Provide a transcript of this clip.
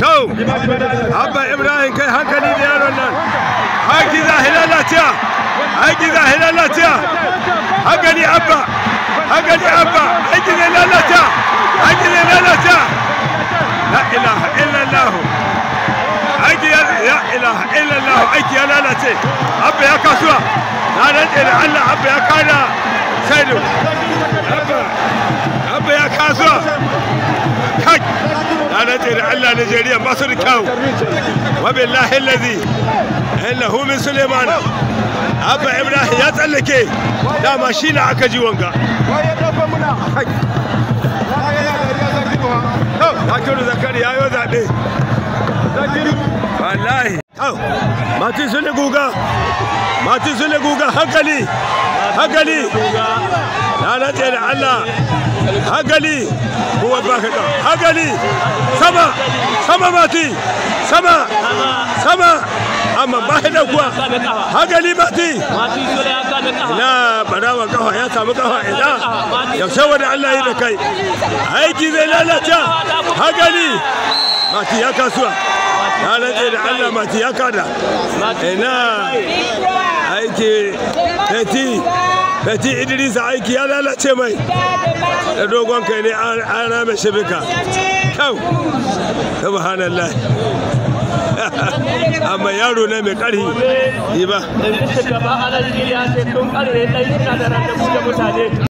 تو ابا ابراهيم كان هكا نبي انا هكا هلالاتيا هكا هلالاتيا هكا لي ابا هكا لي ابا هكا لي هلالاتيا هكا لي هلالاتيا لا اله الا الله هكا يا اله الا الله هكا يا هلالاتي ابي يا كاسوا لا لا لا ابي يا كاينه سيدو kasuwa kai na nace da Allah Najeriya ba su da kyau wa billahi allazi innahu min Suleiman Abba Ibrahim ya tsallake dama shi na aka ji wanga Zakiru Zakari ya yi zaɓe. Zakiru. Wallahi. Matin sun guga. Matin sun guga hankali. Hankali. Na nace da Allah. hagali huwa bakida hagali sama sama mati sama sama amma bakida kuwa hagali mati ina barawa ya samu kafa ina yaushe wani Allah yi da kai aiki zai lalata hagali mati ya kasuwa na rantse da Allah mati ya kada ina aiki da ji idrisa aiki ya lalace mai da dogon kai ne an rame shibika kyau subhanallah amma yaro ne mai ƙarfi yi ba